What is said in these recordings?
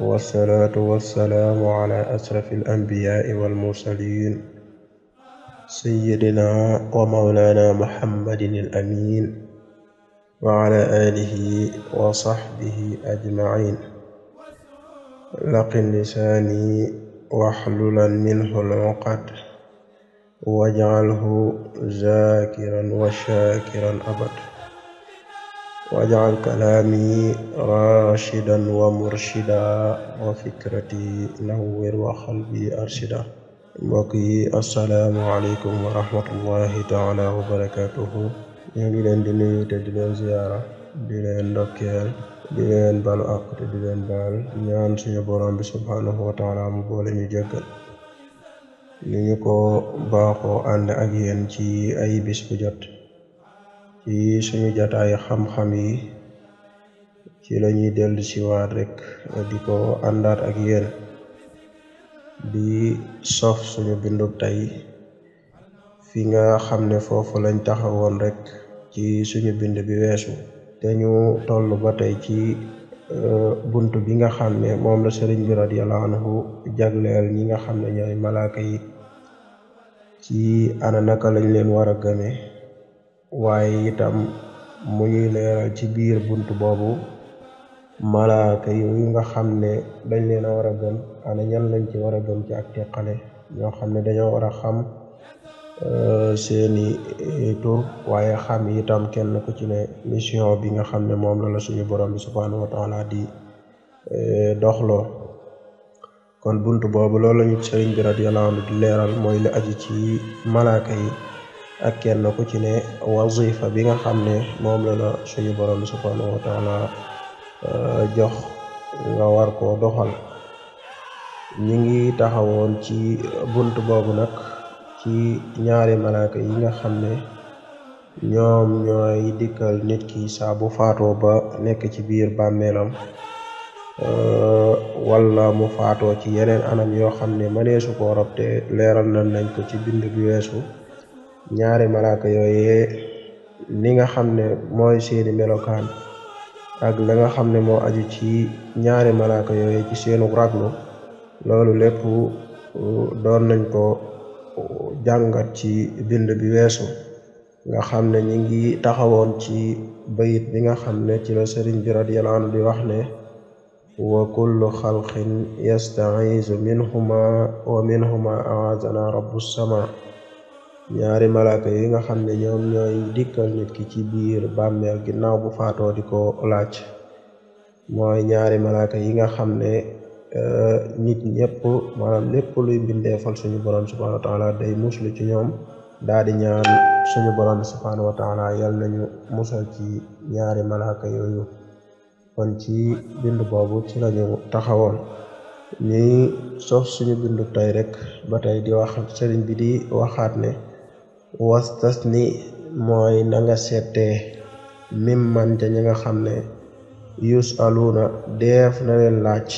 wasalaatu wasalaamu ala asrafi alambiyaai walmursalin sayidina wa maulana muhammadin alamin wa ala alihi wa saxbihi ajmain laqin lisaani waxlulan minhu luqad wajcalhu zaakiran wa shaakiran abad waj'al kalaami raashidan wa murshida wa fikrati nawwir wa qalbi arshida mbokk yi assalaamu aleykum wa rahmatullahi taala wa barakaatuhu ñoo ngi leen di nuyu te di leen ziyaara di leen ndokkeel di leen balu àq di leen baal ñaan suñu borom bi subhaanahu wa taala mu boole ñu jéggal ni ñu ko baaxo ànd ak yéen ci ay bis jot ci suñu jataayu xam-xam yi ci lañuy dellu siwaat rek di ko àndaat ak yéen bi sof suñu bindub tey fi nga xam ne foofu lañ taxawoon rek ci suñu bind bi weesu te ñu tollu ba tey ci euh, bunt bi nga xam ne moom la sëriñ bi radiyallahu anhu jagleel ñi nga xam ne ñooy malaaka yi ci ana naka lañ leen war a gëme waaye itam mu ñuy leeral ci biir bunt boobu malaaka yooyu nga xam ne dañ leen a war gëm ana ñan lañ ci war a gëm ci ak teqale ñoo xam ne dañoo war a xam euh, seeni e, tur waaye xam itam kenn ku ci ne mission bi nga xam ne moom la la suñu borom bi subhanahu wa taala di e, doxloo kon bunt boobu lool lañu sëriñ bi radiyallahu di leeral mooy li aji ci malaaka yi ak kenn ku ci ne wazifa bi nga xam ne moom la suñu borom bi subhanahu wa euh, jox nga war koo doxal ñi ngi taxawoon ci bunt boobu nag ci ñaari malaaka yi nga xam ne ñoom ñooy dikkal nit ki saa bu faatoo ba nekk ci biir bàmmeelam euh, wala mu faatoo ci yeneen anam yoo xam ne mëneesu koo rob te leeral nañ nañ ko ci bind bi weesu ñaari malaaka yooyee li nga xam ne mooy seeni melokaan ak la nga xam ne moo aju ci ñaari malaaka yooyee ci seenu raglu loolu lépp doon nañ ko jàngat ci bind bi weesu nga xam ne ñi ngi taxawoon ci bayit bi nga xam ne ci la sëriñ bi radiyallahu anhu di wax ne wa kullu xalqin yastaizu minhuma wa minhuma aazana rabbu sama ñaari malaaka yi nga xam ne ñoom ñooy dikkal nit ki ci biir bàmmeel ginnaaw bu faatoo di ko laaj mooy ñaari malaaka yi nga xam ne euh, nit ñëpp maanaam lépp luy mbindeefal suñu borom subhanahu wa taala day muslu ci ñoom daal di ñaan suñu borom subhanahu taala yal nañu musal ci ñaari malaaka yooyu kon ci bind boobu ci lañu taxawoon ñuy sof suñu bindu tey rek ba tey di wax bi di waxaat ne wastasni mooy nanga seete mim ca ñi nga xam ne yus aluuna deef na leen laaj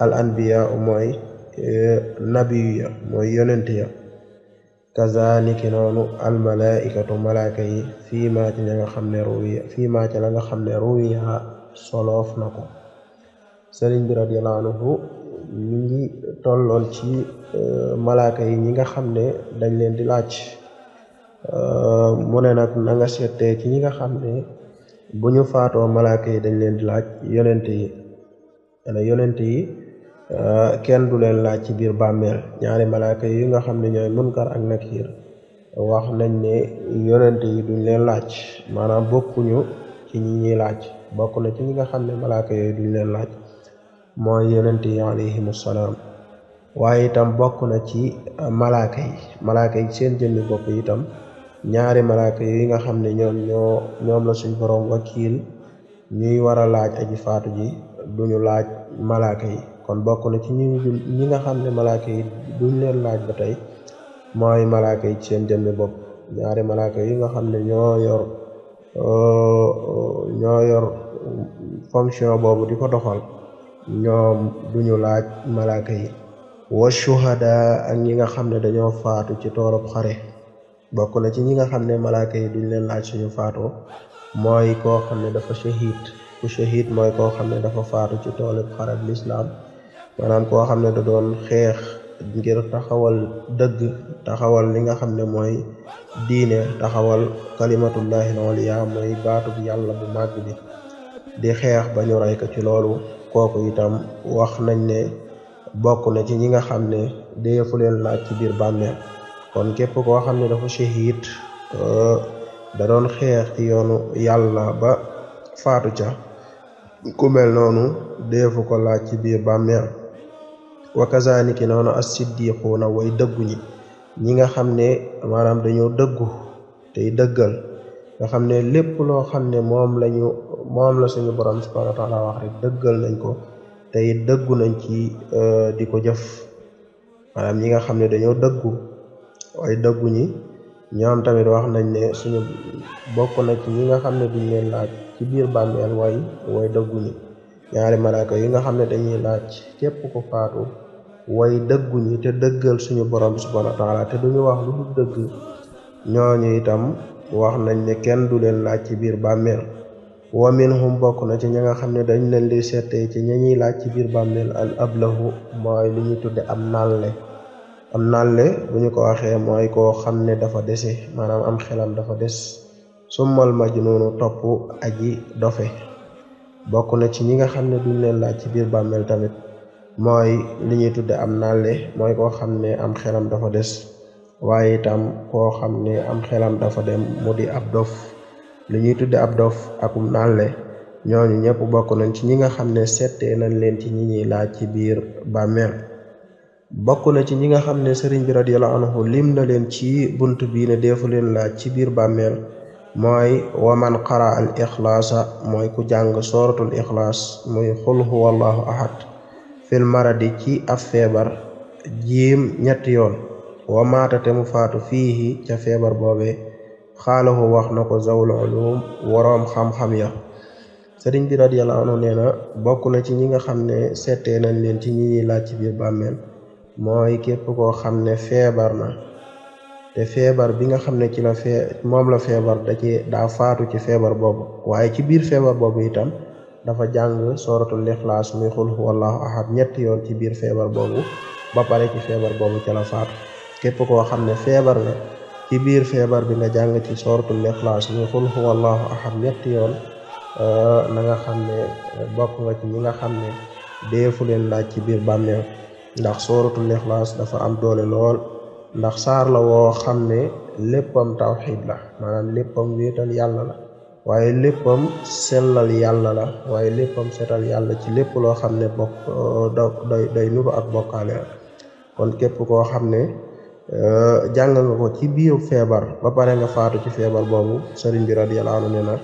al anbiya mooy eh, nabiyu ya mooy yonent ya kazaniki noonu al malaikatu malaaka yi fii maa ca ña nga xam ne ruwiya fii la nga xam ne ruwiya soloof na ko sëriñ bi radiyallahu anhu mi ngi tolloon ci eh, malaaka yi ñi nga xam ne dañ leen di laaj mu ne nag na nga settee ci ñi nga xam ne bu ñu faatoo malaaka yi dañ leen di laaj yonente yi ana yi euh, kenn du leen laaj ci biir bàmmeel ñaari malaaka yi nga xam ne ñooy munkar ak nakiir wax nañ ne yonente yi duñ leen laaj maanaam bokkuñu ci ñi ñuy laaj bokk na ci ñi nga xam ne malaaka yooyu duñ leen laaj mooy yonente yi alayhimu salaam waaye itam bokk na ci malaaka yi malaaka yi seen jëmmi bopp itam ñaari malaaka yi nga xam ne ñoom ñoo ñoom la suñ boroom wakiil ñuy war a ji faatu ji duñu laaj malaaka yi kon bokk na ci ñi ñi nga xam ne malaaka yi leen laaj ba tey mooy malaaka yi ci seen jëmmi bopp ñaari malaaka yi nga xam ne ñoo yor oh, ñoo yor fonction boobu di ko doxal ñoom duñu laaj malaaka yi wa ak ñi nga xam ne dañoo faatu ci toolub xare bokk na ci ñi nga xam ne malaaka yi duñ leen laaj suñu faatoo mooy koo xam ne dafa shahid ku shahid mooy koo xam ne dafa faatu ci toolu xarab lislaam maanaam koo xam ne da doon xeex ngir taxawal dëgg taxawal li nga xam ne mooy diine taxawal kalimatullahi al-ulya mooy yàlla bu màgg bi di xeex ba ñu rey ko ci loolu kooku itam wax nañ ne bokk na ci ñi nga xam ne deefu leen laaj ci biir bàmmeel kon képp koo xam ne dafa shahid euh, da doon xeex ci yoonu yàlla ba faatu ca ku mel noonu deefu ko laaj ci biir bàmmeel wa kazaniki noonu as-siddiquuna way dëggu ñi ñi nga xam ne maanaam dañoo dëggu tey dëggal nga xam ne lépp loo xam ne moom lañu moom la suñu borom subhanahu wa taala wax rek dëggal nañ ko tey dëggu nañ ci euh, di ko jëf maanaam ñi nga xam ne dañoo dëggu way dëggu ñi ñoom tamit wax nañ ne suñu bokk na ci ñi nga xam ne duñ leen laaj ci biir bàmmeel way way dëggu ñi ñaari malaaka yi nga xam ne dañuy laaj képp ko faatu way dëggu te dëggal suñu borom bi subhanahu wa taala te duñu wax lu dul dëgg ñooñu itam wax nañ ne kenn du leen laaj ci biir bàmmeel wa minhum bokk na ci ña nga xam ne dañ leen di seetee ci ñi ñuy laaj ci biir bàmmeel al ablahu mooy li ñu tudde am nalle am nàlle bu ñu ko waxee mooy koo xam ne dafa dese maanaam am xelam dafa des ma summal majnuunu topp aji dofe bokk na ci ñi nga xam ne duñ leen laaj ci biir bàmmeel tamit mooy li ñuy tudde am nàlle mooy koo xam ne am xelam dafa des waaye itam koo xam ne am xelam dafa dem mu di ab dof li ñuy ab dof akum nàlle ñooñu ñëpp bokk nañ ci ñi nga xam ne settee nañ leen ci ñi ñuy laaj ci biir bàmmeel bokk na ci ñi nga xam ne sëriñ bi radiyallahu anhu lim na leen ci bunt bii ne defu leen laaj ci biir bàmmeel mooy wa man qara al ixlaasa mooy ku jàng sooratul ixlaas muy xul huwallahu ahad fil maradi ci af feebar jiim ñetti yoon wa maatate mu faatu fiihi ca feebar boobe xaalahu wax na ko zawul ulum waroom xam-xam ya sëriñ bi radiyallahu anhu nee na bokk na ci ñi nga xam ne seetee nañ leen ci ñi ñuy laaj ci biir bàmmeel mooy képp koo xam ne feebar na te feebar bi nga xam ne ci la fee moom la feebar da ci daa faatu ci feebar boobu waaye ci biir feebar boobu itam dafa jàng sooratul ixlaas muy xul wallahu ahad ñetti yoon ci biir feebar boobu ba pare ci feebar boobu ci la faatu koo xam ne feebar ci biir feebar bi nga jàng ci sooratul ixlaas muy xul wallahu ahad ñetti yoon euh, na nga xam ne bokk nga ci ñi nga xam ne deefu leen laaj ci biir bàmmeel ndax sooratul ixlaas dafa am doole lool ndax saar la woo xam ne léppam tawxid la maanaam léppam wéetal yàlla la waaye léppam sellal yàlla la waaye léppam setal yàlla ci lépp loo xam ne bokk day day nuru bokkaale la kon képp koo xam ne euh, jàng nga ko ci biir feebar ba pare nga faatu ci feebar boobu sëriñ bi radiyallahu anhu ne na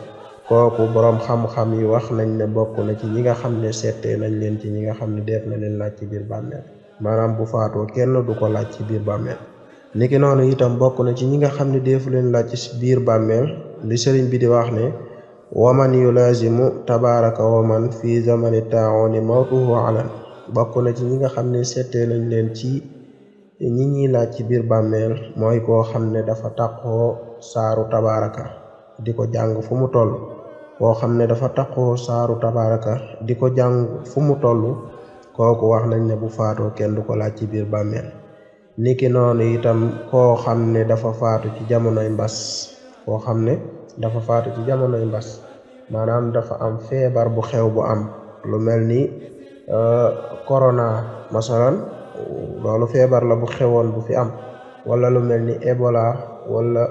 kooku boroom xam-xam yi wax nañ ne bokk na ci ñi nga xam ne seete nañ leen ci ñi nga xam ne def na leen laaj ci biir bàmmeel maanaam bu faatoo kenn du ko laaj ci biir bàmmeel niki noonu itam bokk na ci ñi nga xam ne deefu leen laaj ci biir bàmmeel li sëriñ bi di wax ne waman mu tabaraka waman fi zamani taaoni mawtuhu alan bokk na ci ñi nga xam ne seete nañ leen ci ñi ñiy laaj ci biir bàmmeel mooy koo xam ne dafa taqoo saaru tabaraka di ko jàng fu mu toll koo xam ne dafa taqoo saaru tabaraka di ko jàng fu mu toll kooku wax nañ ne bu faatoo kenn du ko laaj ci biir bàmmeel niki noonu itam koo xam ne dafa faatu ci jamonoy mbas koo xam ne dafa faatu ci jamonoy mbas maanaam dafa am feebar bu xew bu am lu mel ni euh, corona masalan loolu feebar la bu xewoon bu fi am wala lu mel ni Ebola wala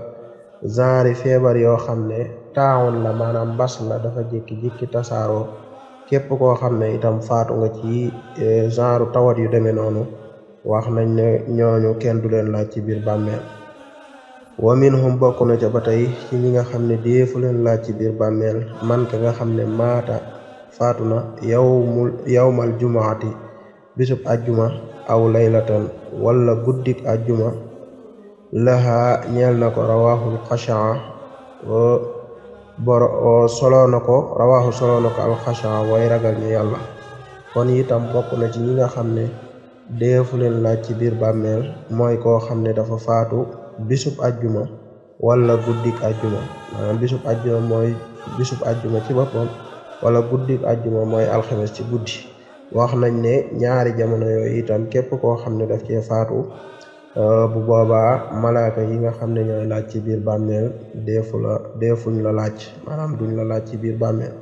genre feebar yoo xam ne taawun la maanaam mbas la dafa jékki-jékki tasaaroo képp koo xam ne itam faatu nga ci eh, genre tawat yu demee noonu wax nañ ne ñooñu kenn du leen laaj ci biir bàmmeel wa minhum bokk na ca ba tey ci ñi nga xam ne déefu leen laaj ci biir bàmmeel man ka nga xam ne maata faatu na yawmul yawmal jumaati bisub ajjuma aw laylatan wala guddik ajjuma laha ñeel na ko rawahul xashaa boro na ko rawaahu soloo na ko alxasha woy ragal ñu yàlla kon itam bokk na ci ñi nga xam ne deefu leen laaj ci biir bàmmeel mooy koo xam ne dafa faatu bisub ajjuma wala guddik ajjuma mooy bisub ajjuma ci boppam wala guddik ajjuma mooy alxames ci guddi wax nañ ne ñaari jamono yooyu itam képp koo xam ne daf cee faatu Euh, bu boobaa malaaka yi nga xam ne ñooy laaj ci biir bàmmeel deefu la deefuñ la laaj maanaam duñ la laaj ci biir bàmmeel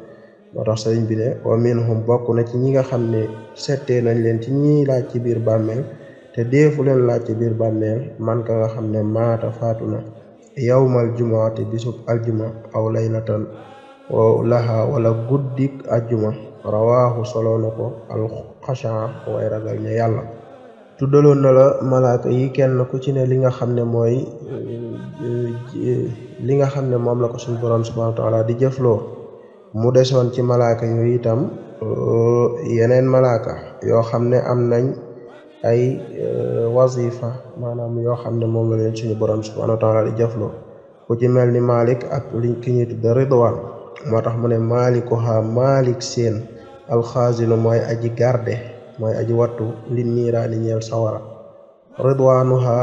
moo tax sëriñ bi ne wa minhum bokk na ci ñi nga xam ne settee nañ leen ci ñiy laaj ci biir bàmmeel te deefu leen laaj ci biir bàmmeel man ka nga xam ne maata faatu na yawmal jumaati bisub aljuma aw laylatan wa laha wala guddik aljuma rawaahu solo na ko alxasha way ragal ne yàlla tuddaloon na la malaaka yi kenn ku ci ne li nga xam ne mooy eh, li nga xam ne moom la ko suñu borom subhanahu wa di jëfloo mu desoon ci malaaka yooyu itam eh, yeneen malaaka yoo xam ne am nañ ay eh, wazifa maanaam yoo xam ne moom la leen suñu borom subhanahu wa di jëfloo ku ci mel ni Malik ak li ki ñuy moo tax mu ne Malikuha Malik seen alxaasinu mooy aji garde mooy aji wattu lin niiraani ñeel sawara ridwanuha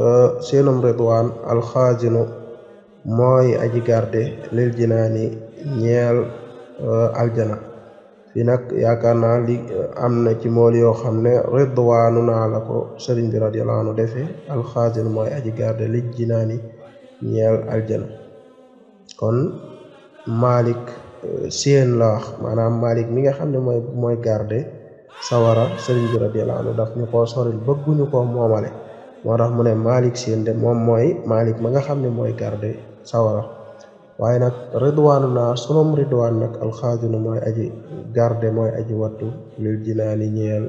euh, seenum ridwan alxaazinu mooy aji garde lil jinaani ñeel euh, aljana fi nag yaakaar naa li euh, am na ci mool yoo xam ne ridwaanu naa la ko sëriñ bi radiyallahu anhu defe mooy aji garde lil jinaani ñeel aljana kon malik seen la wax maanaam mi nga xam ne mooy mooy garde sawara sëriñ bi radiyallahu anhu daf ñu ko soril bëgguñu koo moomale moo tax mu ne Malik Siin de moom mooy Malik ma nga xam ne mooy garde sawara waaye nag ridwaanu naa sunum ridwaan nag alxaazinu mooy aji garde mooy aji wattu lil jinaani ñeel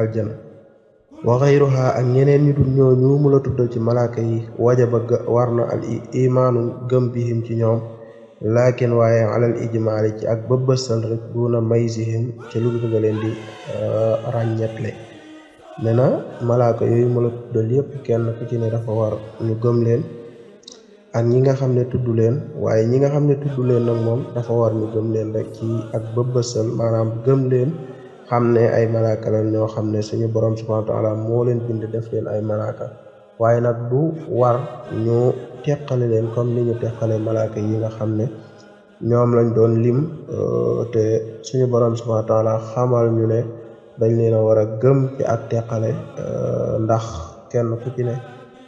aljana wa xayruha ak ñeneen ñu dul ñoo ñu mu la tuddal ci malaaka yi wajaba war na al imaanu gëm bihim ci ñoom laakin waaye alal ijmaali ci ak bëbësal rek duna maysihim ci lu nga leen di euh, ràññetle ne na malaaka yooyu mu la tuddal yépp kenn ku ci ne dafa war ñu gëm leen ak ñi nga xam ne tudd leen waaye ñi nga xam ne tudd leen nag moom dafa war ñu gëm leen rek ci ak bëbësal maanaam gëm leen xam ne ay malaaka la ñoo xam ne suñu boroom subhanahu wa moo leen bind def leen ay malaaka waaye nag du war ñu teqale leen comme ni ñu teqale malaaka yi nga xam ne ñoom lañ doon lim euh, te suñu borom subhanahu wa taala xamal ñu ne dañ leen a war a gëm ci at teqale euh, ndax kenn ku ci ne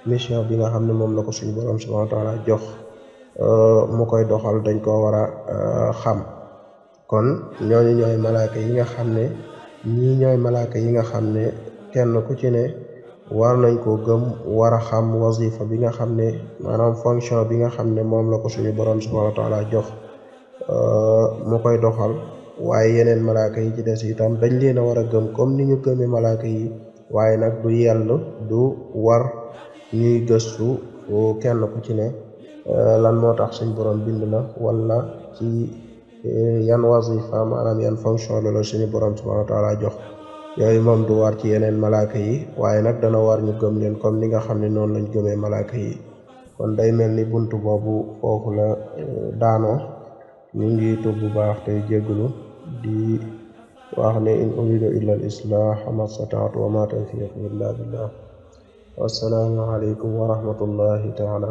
mission bi nga xam ne moom la ko suñu borom subhanahu wa taala jox euh, mu koy doxal dañ koo war a xam kon ñooñu ñooy malaaka yi nga xam ne ñi ñooy malaaka yi nga xam ne kenn ku ci ne war nañ koo gëm war a xam wasifa bi nga xam ne maanaam fonction bi nga xam ne moom la ko suñu borom subhanahu wa taala jox euh, mu koy doxal waaye yeneen malaaka yi ci des itam dañ leen a war a gëm comme ni ñu gëmee malaaka yi waaye nag du yell du war ñuy gëstu kenn ku ci ne euh, lan moo tax suñ borom bind la wala ci euh, yan wasifa maanaam yan fonction la suñu borom subhanahu wa taala jox yooyu moom du war ci yeneen malaaka yi waaye nag dana war ñu gëm leen comme ni nga xam ne noonu lañ gëmee malaaka yi kon day mel ni bunt boobu foofu la euh, daanoo ñu ngi tub bu baax tey jégglu di wax ne in uridu illa al islah ma stataatu wa ma tawfiqi illa billah wassalaamu aleykum wa rahmatullahi taala